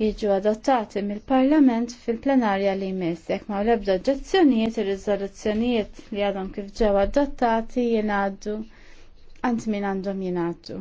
jiġu adottati mill-Parlament fil-plenarja li jmiss. Jekk ma ebda oġġezzjonijiet ir-riżoluzzjonijiet li għadhom kif ġew adottati jingħaddu għand min għandhom jingħaddu.